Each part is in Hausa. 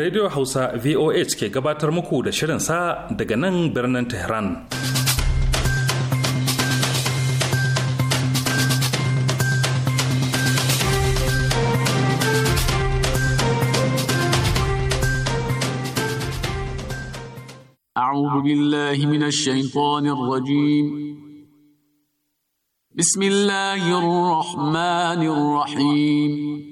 radio hausa voh ke gabatar muku da shirin sa daga nan birnin tehran. aure biyar da ta tafiya ta hanyar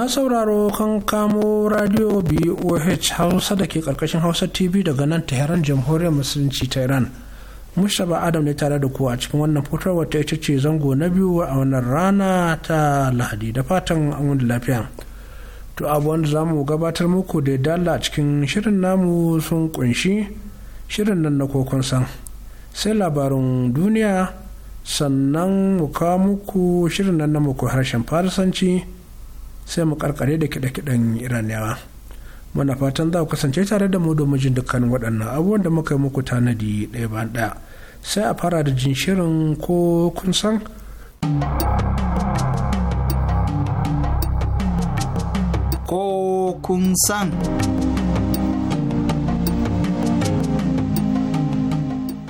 a sauraro kan kamo radio boh hausa da ke karkashin hausa tv daga nan tehran jamhuriyar musulunci ta iran mushaba adam ne tare da ku a cikin wannan fitar wata ita ce zango na biyu a wannan rana ta lahadi da fatan an wani lafiya to abuwan da za mu gabatar muku da dala a cikin shirin namu sun kunshi shirin nan na kokon sai labarin duniya sannan mu kawo muku shirin nan na muku harshen farisanci sai mu karkare da kiɗe-kiɗen iraniyawa muna fatan za ku kasance tare da mu domin jin dukkan waɗannan abubuwan da muka yi muku tanadi ɗaya bayan ɗaya sai a fara da jin shirin ko kun san ko kun san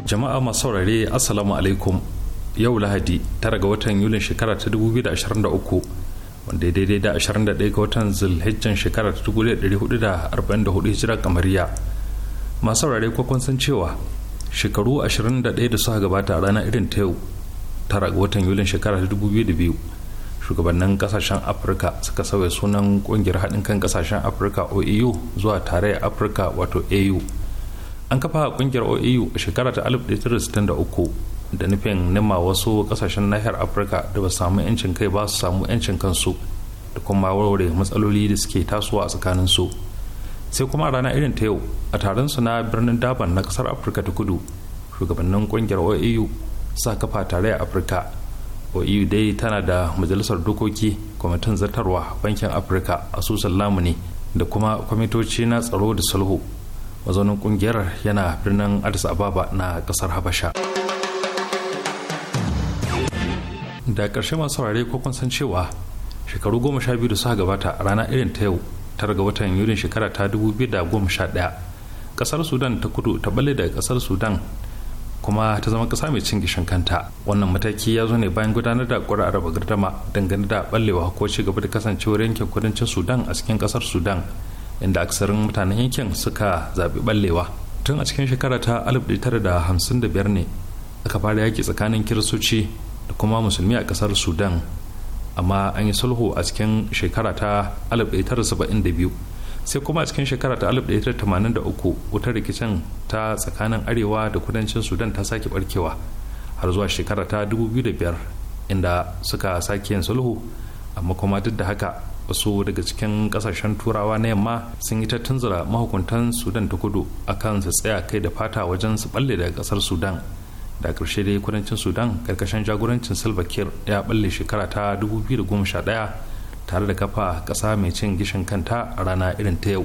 jama'a masu saurare assalamu alaikum yau lahadi tara ga watan yulin shekara ta 2023 wanda ya daidai da 21 ga watan zulhijjan shekarar 1444 hijira kamariya masu saurare kwakwan san cewa shekaru 21 da suka gabata a ranar irin ta yau tara ga watan yulin shekarar 2002 shugabannin kasashen afirka suka sauya sunan kungiyar haɗin kan kasashen afirka oeu zuwa tarayyar afirka wato au an kafa kungiyar oeu a shekarar ta 1963 da nufin nima wasu kasashen nahiyar afirka da ba samu 'yancin kai ba su samu 'yancin kansu da kuma warware matsaloli da suke tasowa a tsakanin su sai kuma a rana irin ta yau a taron su na birnin daban na kasar afirka ta kudu shugabannin kungiyar oau sa kafa tare a afirka oau dai tana da majalisar dokoki kwamitin zartarwa bankin afirka asusun lamuni da kuma kwamitoci na tsaro da sulhu mazaunin kungiyar yana birnin addis ababa na kasar habasha da ƙarshe masu saurare ko kun san cewa shekaru goma sha biyu da suka gabata rana irin ta yau tara ga watan yulin shekara ta dubu biyu da goma sha ɗaya ƙasar sudan ta kudu ta balle daga ƙasar sudan kuma ta zama ƙasa mai cin gishin kanta wannan mataki ya zo ne bayan gudanar da ƙura raba gardama dangane da ballewa ko ci gaba da kasancewar yankin kudancin sudan a cikin ƙasar sudan inda aksarin mutanen yankin suka zaɓi ballewa tun a cikin shekara ta 1955 ne aka fara yaki tsakanin kiristoci kuma musulmi a kasar sudan amma an yi sulhu a cikin shekara ta 1972 sai kuma a cikin shekara ta 1983 wutar rikicin ta tsakanin arewa da kudancin sudan ta sake barkewa har zuwa shekara ta 2005 inda suka sake yin sulhu amma kuma duk da haka wasu daga cikin kasashen turawa na yamma sun yi ta tunzura mahukuntan sudan ta kudu akan su tsaya kai da fata wajen su balle daga kasar sudan da ƙarshe dai kudancin sudan karkashin jagorancin salva kiir ya balle shekara ta 2011 tare da kafa ƙasa mai cin gishin kanta a rana irin ta yau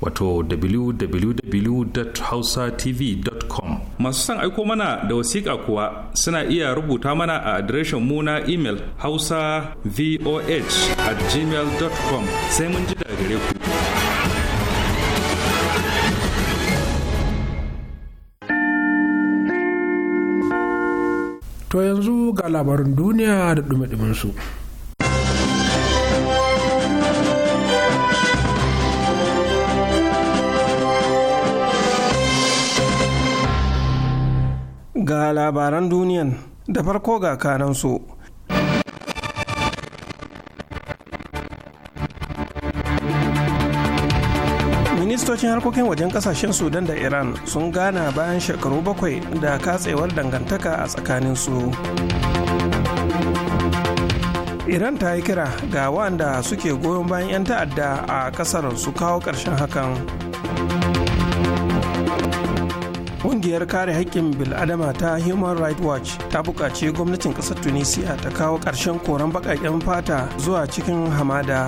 wato www.hausatv.com masu son aiko mana da wasiƙa kuwa suna iya rubuta mana a adireshin mu na imel hausa voh at gmail.com sai mun ji daga gare ku to yanzu ga labarin duniya da dumi su. a labaran duniyan da farko ga kanansu. ministocin harkokin wajen kasashen sudan da iran sun gana bayan shekaru bakwai da katsewar dangantaka a tsakaninsu iran ta yi kira ga wanda suke goyon bayan 'yan ta'adda a kasar su kawo ƙarshen hakan Ƙungiyar kare haƙƙin bil'adama ta Human Rights Watch ta buƙaci gwamnatin ƙasar Tunisia ta kawo ƙarshen koren baƙaƙen fata zuwa cikin hamada.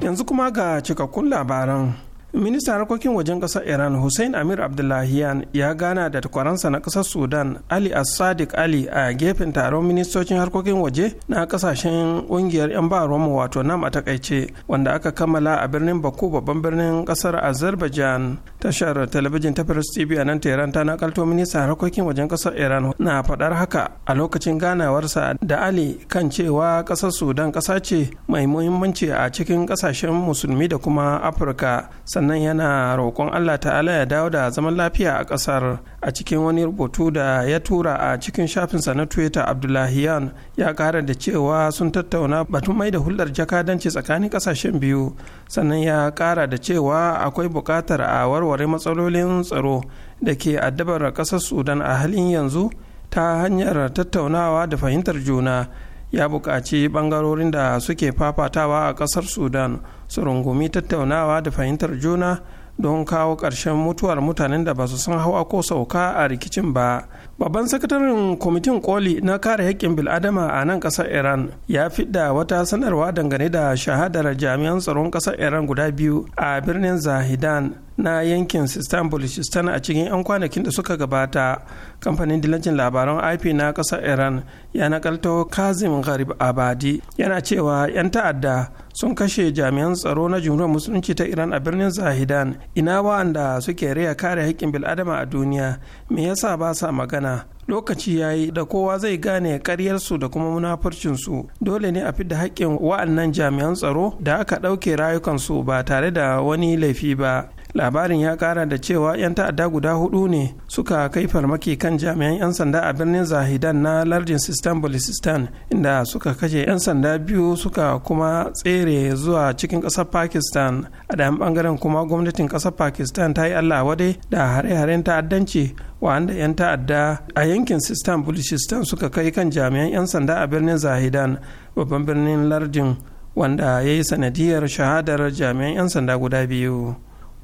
Yanzu kuma ga cikakkun labaran. ministan harkokin wajen ƙasar iran hussein amir abdullahian ya gana da takwaransa na ƙasar sudan ali as ali a gefen taron ministocin harkokin waje na ƙasashen ƙungiyar 'yan ba wato nam a takaice wanda aka kammala a birnin baku babban birnin ƙasar azerbaijan tashar talabijin ta Press TV a nan Tehran ta nakalto minista harkokin wajen kasar Iran na faɗar haka a lokacin ganawarsa da Ali kan cewa kasar Sudan kasa ce mai muhimmanci a cikin kasashen musulmi da kuma Afirka sannan yana roƙon Allah ta'ala ya dawo da zaman lafiya a ƙasar a cikin wani rubutu da ya tura a cikin shafinsa na Twitter Abdullahiyan ya kara da cewa sun tattauna batun mai da hulɗar jakadanci tsakanin ƙasashen biyu sannan ya kara da cewa akwai buƙatar a warware warware matsalolin tsaro da ke addabar ƙasar sudan a halin yanzu ta hanyar tattaunawa da fahimtar juna ya buƙaci ɓangarorin da suke fafatawa a ƙasar sudan su rungumi tattaunawa da fahimtar juna don kawo ƙarshen mutuwar mutanen da ba su san hawa ko sauka a rikicin ba babban sakataren kwamitin koli na kare haƙƙin bil'adama a nan ƙasar iran ya fidda wata sanarwa dangane da shahadar jami'an tsaron ƙasar iran guda biyu a birnin zahidan na yankin istanbul shistan a cikin 'yan kwanakin da suka gabata kamfanin dilancin labaran ip na kasar iran ya nakalto kazim garib abadi yana cewa 'yan ta'adda sun kashe jami'an tsaro na jumhuriyar musulunci ta iran a birnin zahidan ina wa'anda suke raya kare haƙƙin bil'adama a duniya me yasa ba sa magana lokaci ya yi da kowa zai gane karyarsu da kuma munafurcinsu dole ne a fidda haƙƙin wa'annan jami'an tsaro da aka ɗauke rayukansu ba tare da wani laifi ba labarin ya kara da cewa 'yan ta'adda guda hudu ne suka kai farmaki kan jami'an 'yan sanda a birnin zahidan na lardin sistan balisistan inda suka kashe 'yan sanda biyu suka kuma tsere zuwa cikin ƙasar pakistan a dayan bangaren kuma gwamnatin ƙasar pakistan ta yi allah wadai da hare-haren ta'addanci wanda 'yan ta'adda a yankin sistan balisistan suka kai kan jami'an 'yan sanda a birnin zahidan babban birnin lardin wanda ya yi sanadiyar shahadar jami'an 'yan sanda guda biyu.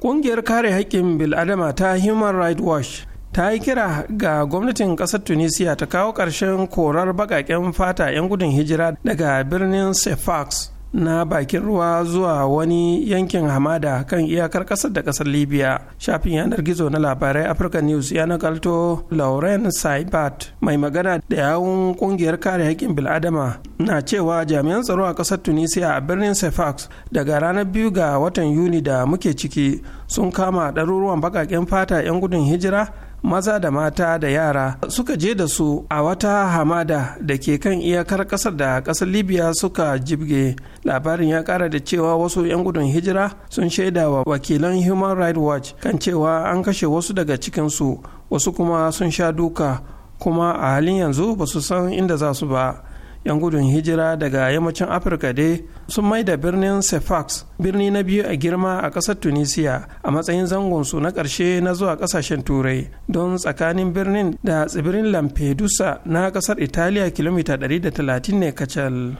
ƙungiyar kare haƙƙin bil'adama ta human rights watch ta yi kira ga gwamnatin ƙasar tunisia ta kawo ƙarshen korar baƙaƙen fata 'yan gudun hijira daga birnin sefax na bakin ruwa zuwa wani yankin hamada kan iyakar kasar da kasar libya shafin yanar gizo na labarai africa news ya nakalto lauren saibat mai magana da yawun kungiyar kare haƙƙin bil'adama na cewa jami'an tsaro a kasar tunisia a birnin sefax daga ranar biyu ga watan yuni da muke ciki sun kama ɗaruruwan baƙaƙen fata 'yan gudun hijira maza da mata da yara suka je da su a wata hamada da ke kan iyakar kasar da kasar libya suka jibge labarin ya kara da cewa wasu 'yan gudun hijira sun shaida wa wakilan human rights watch kan cewa an kashe wasu daga cikinsu wasu kuma sun sha duka kuma a halin yanzu ba su san inda za su ba 'yan gudun hijira daga yammacin afirka dai sun mai da birnin sefax birni na biyu a girma a ƙasar tunisia a matsayin zangonsu na ƙarshe na zuwa ƙasashen turai don tsakanin birnin da tsibirin lampedusa na ƙasar italiya kilomita 130 ne kacal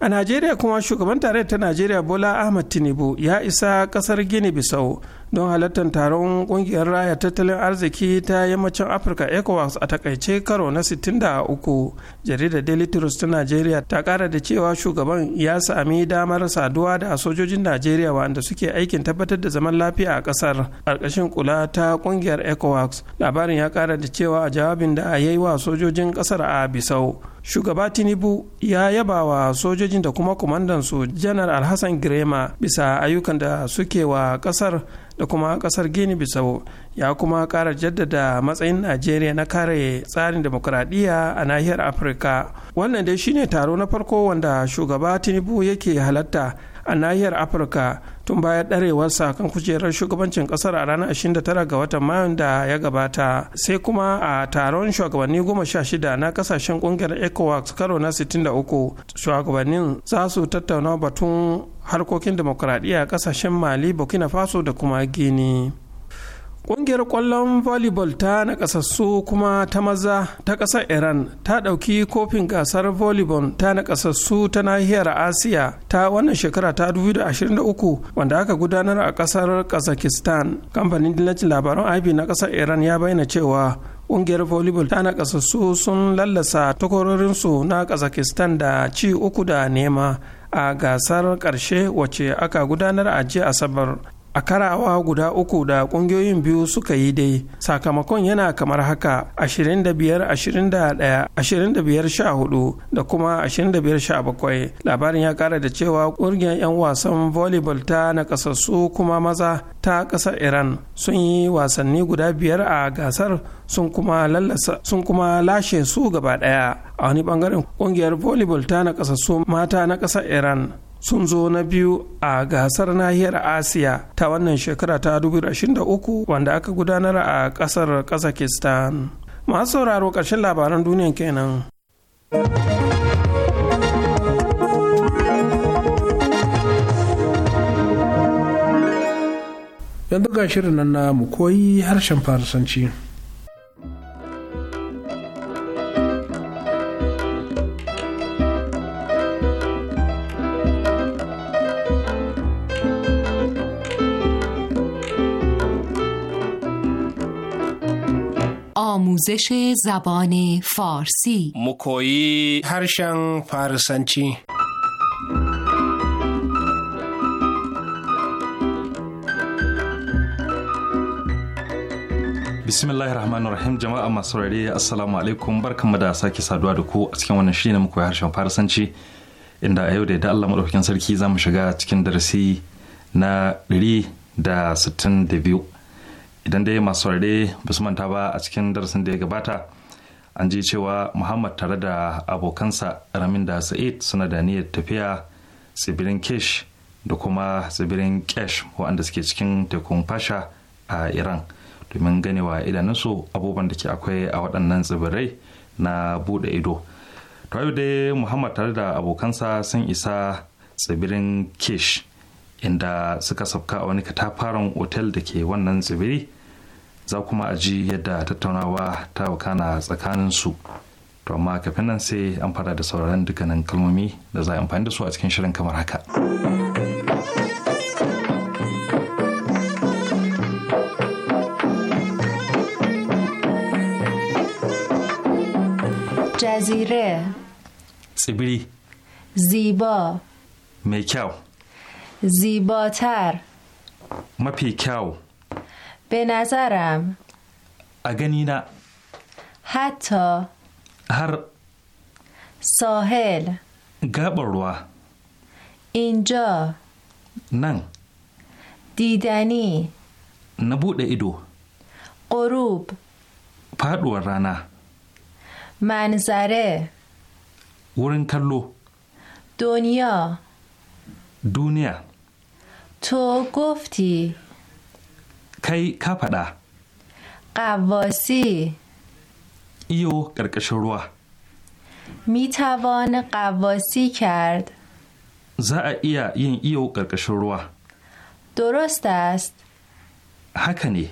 a najeriya kuma shugaban tarayyar ta najeriya bola ahmad tinubu ya isa ƙasar gini bisau don halartar taron kungiyar raya tattalin arziki ta yammacin afirka ecowas a takaice karo na 63 jaridar daily trust ta nigeria ta kara da cewa shugaban ya sami damar saduwa da sojojin najeriya wanda suke aikin tabbatar da zaman lafiya a kasar karkashin kula ta kungiyar ecowas labarin ya kara da cewa a jawabin da ya yi wa sojojin kasar a bisau shugaba tinubu ya yaba wa sojojin da kuma kumandansu janar alhassan girema bisa ayyukan da suke wa kasar da kuma kasar gini bisau ya kuma kara jaddada matsayin najeriya na kare tsarin demokuraɗiyya a nahiyar afirka wannan dai shine taro na farko wanda shugaba tinubu yake halatta a nahiyar afirka tun bayan ɗarewarsa kan kujerar shugabancin ƙasar a ranar 29 ga watan mayun da ya gabata sai kuma a taron shugabanni 16 na kasashen ƙungiyar ecowas karo na 63 shugabannin za su tattauna batun harkokin demokuraɗiyya a ƙasashen mali burkina faso da kuma gini Ƙungiyar ƙwallon volleyball ta na kasassu kuma ta maza ta ƙasar Iran ta ɗauki kofin gasar volleyball ta na kasassu ta nahiyar Asiya ta wannan shekara ta 2023 wanda aka gudanar a ƙasar kazakistan Kamfanin dillacin labaran IB na ƙasar Iran ya bayyana cewa ƙungiyar volleyball ta na kasassu sun lallasa takwarorinsu na Kazakhstan da ci uku da nema. a gasar karshe wacce aka gudanar a jiya asabar a karawa guda uku da kungiyoyin biyu suka yi dai sakamakon yana kamar haka 25-21 25-14 da kuma 25-17 labarin ya kara da cewa kungiyar 'yan wasan volleyball ta nakasassu kuma maza ta kasar iran sun yi wasanni guda biyar a gasar sun kuma lashe su gaba daya a wani bangaren kungiyar volleyball ta nakasassu mata na kasar iran sun zo na biyu a gasar nahiyar asiya ta wannan shekara ta 2023 wanda aka gudanar a kasar kazakistan masu sauraro ƙarshen labaran duniya kenan. yanzu ga shirin nan na mu koyi harshen farisanci. آموزش زبان فارسی مکویی هرشن فارسنچی bismillahir rahmanir rahim jama'a masu rare assalamu alaikum barkanmu da sake saduwa da ku a cikin wannan shi ne muku harshen farasanci inda a yau da Allah madaukakin sarki za mu shiga cikin darasi na 162 idan dai masu saurare ba su manta ba a cikin darasin da ya gabata an ji cewa muhammad tare da abokansa ramin da sa'id suna da niyyar tafiya tsibirin kesh da kuma tsibirin kesh waɗanda suke cikin tekun fasha a iran domin ganewa idanunsu abubuwan da ke akwai a waɗannan tsibirai na buɗe ido to dai muhammad tare da abokansa sun isa tsibirin kesh inda suka sauka a wani katafaren otel da ke wannan tsibiri za kuma a ji yadda tattaunawa ta wakana tsakaninsu to amma kafin nan sai an fara da sauraron dukkanin kalmomi da za a amfani da su a cikin shirin kamar haka. tsibiri. ziba mai kyau. زیباتر مپیکاو به نظرم اگنی نه حتی هر ساحل گبروه اینجا نن دیدنی نبود ایدو قروب پاد رانا منظره ورن کلو دنیا دنیا تو گفتی کی کا قواسی ایو کرکشن می توان قواسی کرد زا ایا این ایو کرکشن روا درست است هکنی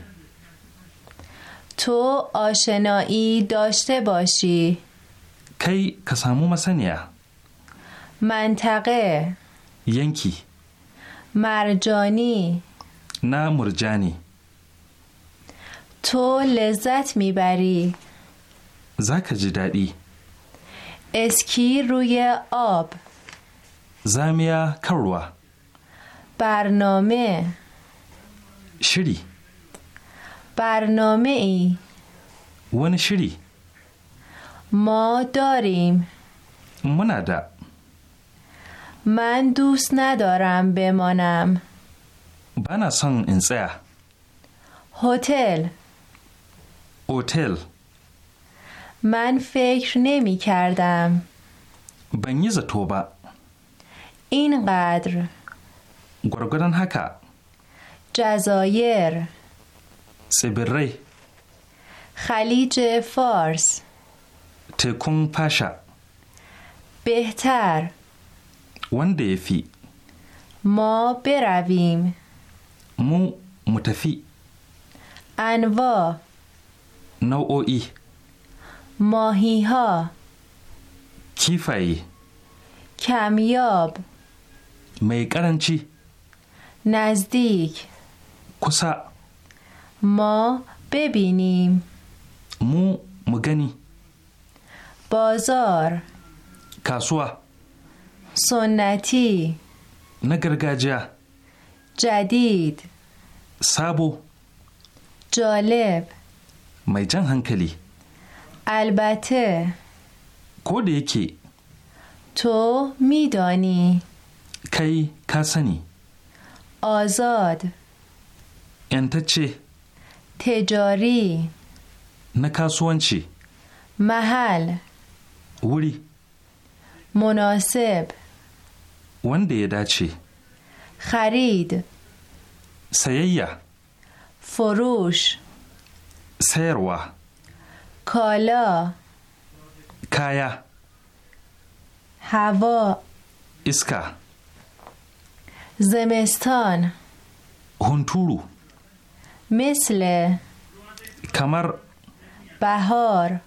تو آشنایی داشته باشی کی کسامو مسنیا منطقه ینکی مرجانی نه مرجانی تو لذت میبری زک جی دادی اسکی روی آب زامیا کروا برنامه شری برنامه ای ون شری ما داریم منادب من دوست ندارم بمانم بنا سن هتل هتل من فکر نمی کردم بنیز تو اینقدر گرگرن هکا جزایر سبره خلیج فارس تکون پاشا بهتر wanda ya fi mo biravim mu mu tafi anvo nau'o'i mohiha kifaye kamiyob mai karanci nazdik kusa mo bibinim mu mu gani bazar kasuwa sunnati Na gargajiya. Jadid. Sabo. Jolib. mai jan hankali. Albate. Ko da yake. To midani. Kai ka sani. Azad. ‘Yantacce. Tejari. Na kasuwanci. Mahal. Wuri. مناسب وندی ya چی؟ خرید sayayya فروش سیروا کالا کایا هوا اسکا زمستان هنتورو مثل کمر بهار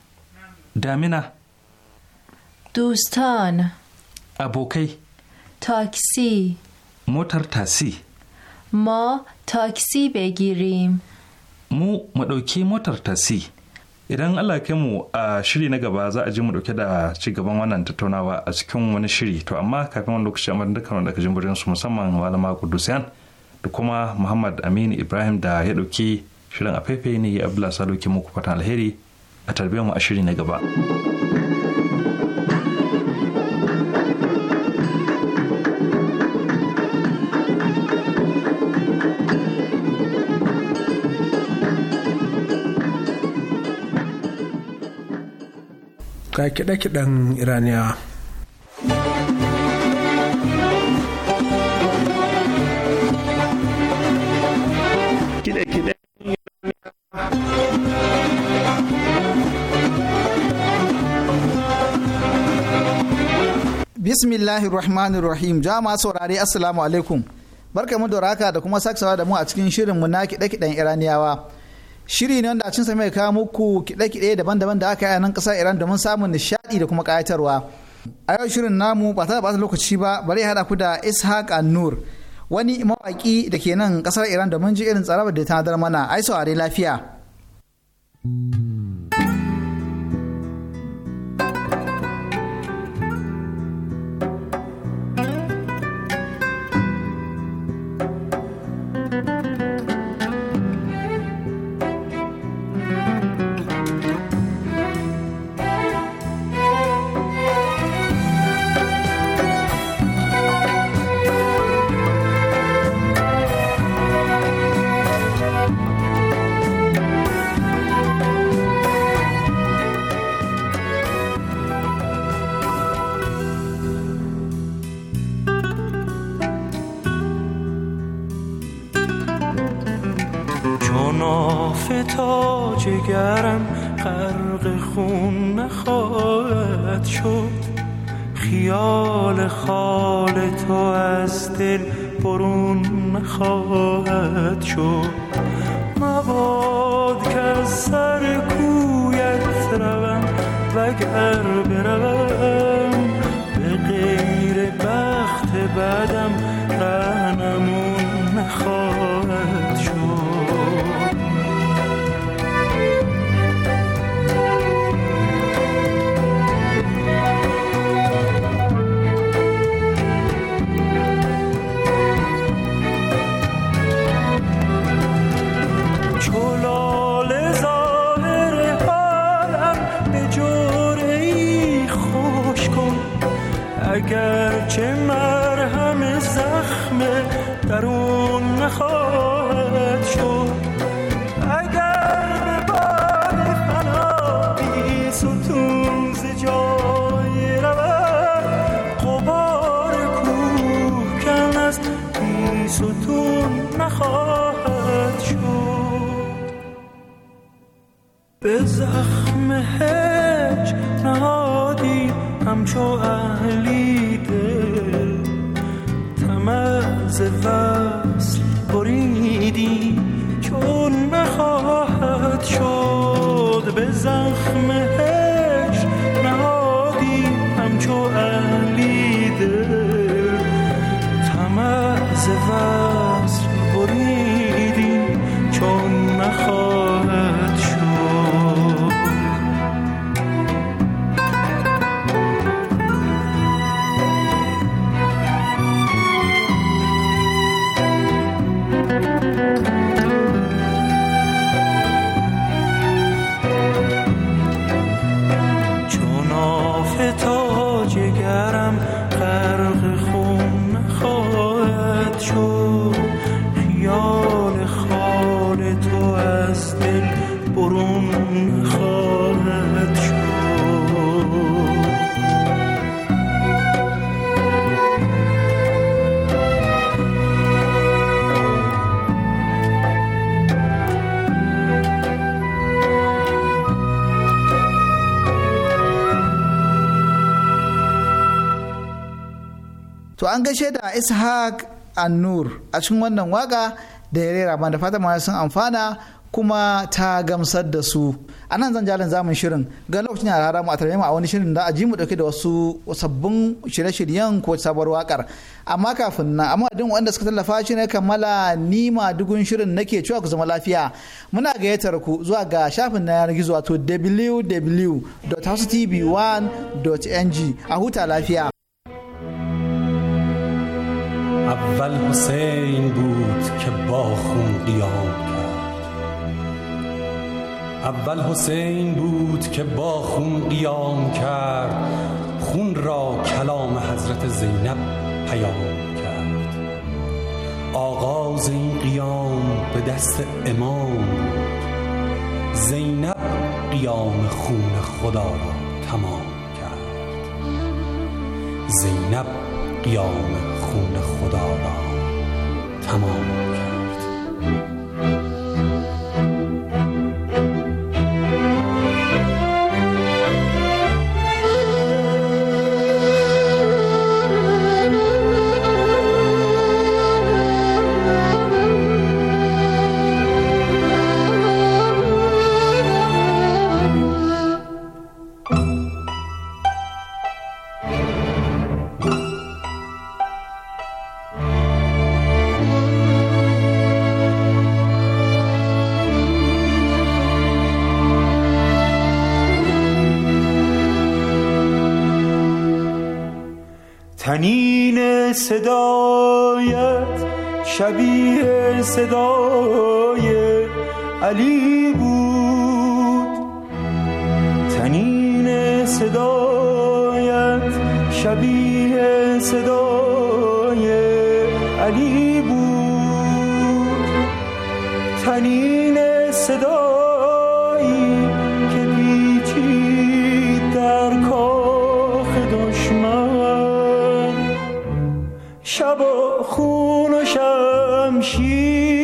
دامنه دوستان ابوکی تاکسی موتر تاسی ما تاکسی بگیریم مو مدوکی موتر تاسی idan Allah kai mu a shiri na gaba za a ji mu dauke da ci gaban wannan tattaunawa a cikin wani shiri to amma kafin wani lokaci amma dukkan wanda kajin burin su musamman malama kudusiyan da kuma muhammad aminu ibrahim da ya dauki shirin a ne ya abdullahi salo ke muku fatan alheri a tarbiyyar mu a shiri na gaba. ga kiɗe-kiɗen iraniyawa bismillahir rahmanir rahim jama saurare assalamu alaikum barkamu da raka da kuma saksawa da mu a cikin shirin mu na kiɗe-kiɗen iraniyawa shiri ne wanda a cinsa mai kawo muku kiɗe-kiɗe daban-daban da aka yi a nan ƙasar iran domin samun nishadi da kuma ƙayatarwa a yau shirin namu ba ta da lokaci ba bari ya haɗa ku da ishaq annur wani mawaƙi da ke nan ƙasar iran domin ji irin tsarabar da ta nadar mana ai saurari lafiya. گرم خون نخواهد شد خیال خال تو از دل برون نخواهد شد ستون نخواهد شد به زخم I'm. an gaishe da Ishaq Annur a cikin wannan waka da ya rera mana da fatan ma sun amfana kuma ta gamsar da su a nan zan jalin zamun shirin ga lokacin a rara mu a tarbe mu a wani shirin da a ji mu dauke da wasu sabbin shirye-shiryen ko sabuwar wakar amma kafin nan amma din wanda suka tallafa shi ne kammala ni ma dugun shirin nake cewa ku zama lafiya muna gayyatar ku zuwa ga shafin na yanar gizo wato www.housetv1.ng a huta lafiya اول حسین بود که با خون قیام کرد اول حسین بود که با خون قیام کرد خون را کلام حضرت زینب پیام کرد آغاز این قیام به دست امام بود زینب قیام خون خدا را تمام کرد زینب قیام خون خدا را تمام کرد شبیه صدای علی بود تنین صدایت شبیه صدای علی بود تنین صدایی که در کاخ دشمن خون و شمشیر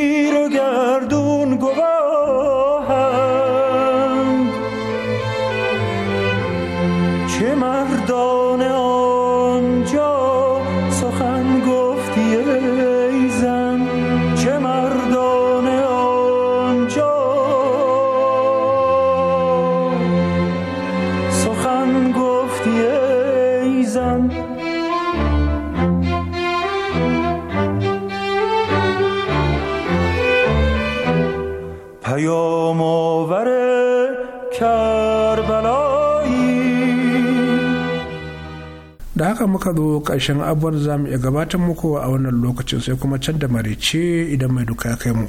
muka zo ƙarshen abubuwan za mu iya gabatar muku a wannan lokacin sai kuma can da marice idan mai duka ya kai mu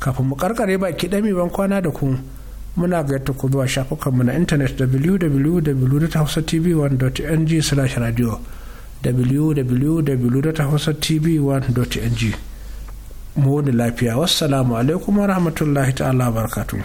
kafin mu karkare baki dami ban kwana da ku muna gayyata ku zuwa shafukanmu na intanet www.hausatv1.ng slash radio www.hausatv1.ng mu wani lafiya wassalamu alaikum wa rahmatullahi ta'ala barkatu.